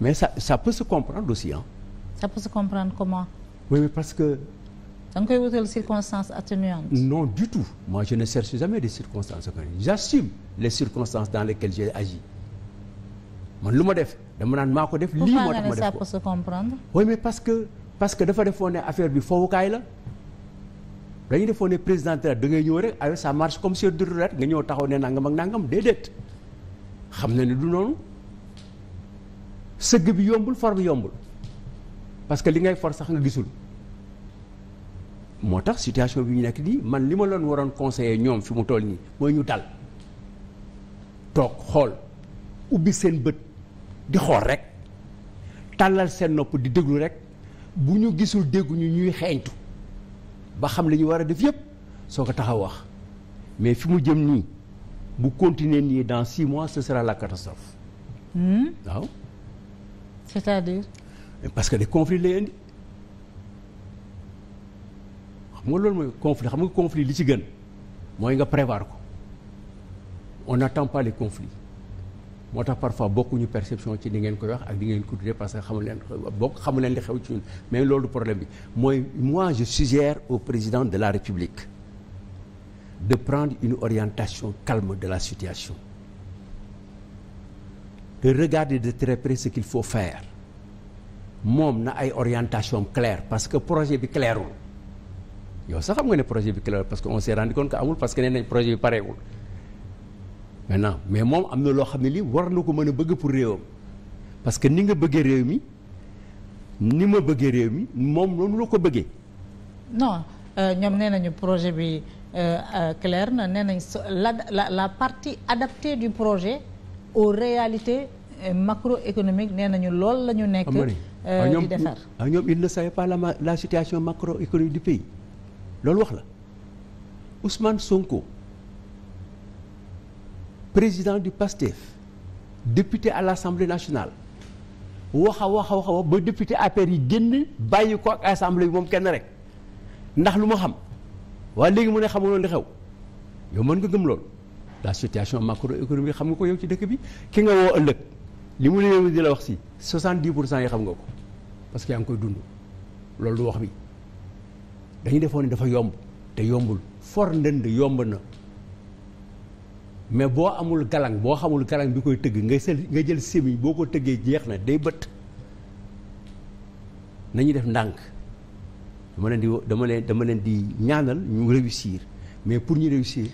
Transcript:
mais ça ça peut se comprendre comment. parce que. da nga koy wutal circonstances atténuantes. non du tout moi je ne cherche jamais des circonstances atténuantes j'assume les circonstances dans lesquelles j'ai agi man lu ma def dama naan maa ko def. lii moo tax ma def ko ça peut se comprendre. oui mais parce que parce que dafa defoon ne affaire bi fowukaay la. dañu defoon ne président da ngay ñëw rek avec ça marche comme sur du rek nga ñëw taxaw ne nangam ak nangam déedéet xam na ne du noonu. sëgg bi yombul for bi yombul parce que li ngay for sax nga gisul moo tax situation bi ñu nekk nii man li ma loon waroon conseiller ñoom fi mu toll nii mooy ñu dal toog xool ubbi seen bët di xool rek tàllal seen nopp di déglu rek bu ñu gisul dégguñu ñuy xeeñtu ba xam li ñu war a def yépp soo ko taxaw wax mais fi mu jëm nii bu continuer nii dans six mois ce sera la catastrophe hmm? waaw c'est-à-dire. parce que de conflits lay indi xam nga loolu mooy conflit xam nga conflit li ci gën mooy nga prévoir ko on n'attend pas les conflits moo tax parfois ñu perception ci ni ngeen koy wax ak di ngeen ko parce que xamu leen bokk xamu leen li xew ci ñun mais loolu problème bi mooy mois je suggère au président de la République de prendre une orientation calme de la situation. regarder de très près ce qu'il faut faire moom na ay orientation claire parce que projet bi clairul yow sax xam nga ne projet bi clairul parce que on s'est rendu compte amul parce que nee nañ projet bi pareewul maintenant mais moom am na loo xam ne lii war na ko mën a bëgg pour réewam parce que ni nga bëggee réew mi ni ma bëggee réew mi moom noonu la ko bëggee. non euh, ñoom nee nañu projet bi euh, euh, clair na nee nañ la la la partie adaptée du projet aux réalités. Eh, macroéconomique nee nañu lool la ñu nekk. Eh, ah, di defar ñoom ah, ñoom il ne savait pas la la situation macroéconomique du pays loolu wax la Ousmane Sonko président du PASTEF député à l'Assemblée nationale wax a wax a wax ba député APR yi génn bàyyi ko ak assemblée bi moom kenn rek ndax lu ma xam waaye léegi mu ne xamul woon li xew yow mën nga gëm loolu. la situation macroéconomique xam nga ko yow ci dëkk bi ki nga woo ëllëg li mu réew di la wax si soixante dix pour cent yi xam nga ko parce que yaa ngi koy dund loolu du wax bi dañu defoon ni dafa yomb te yombul for ndënd yomb na mais boo amul galang boo xamul galang bi koy tëgg nga sel nga jël semiñ boo ko tëggee jeex na day bët nañu def ndànk dama leen di dama leen dama leen di ñaanal ñu réussir mais pour ñu réussir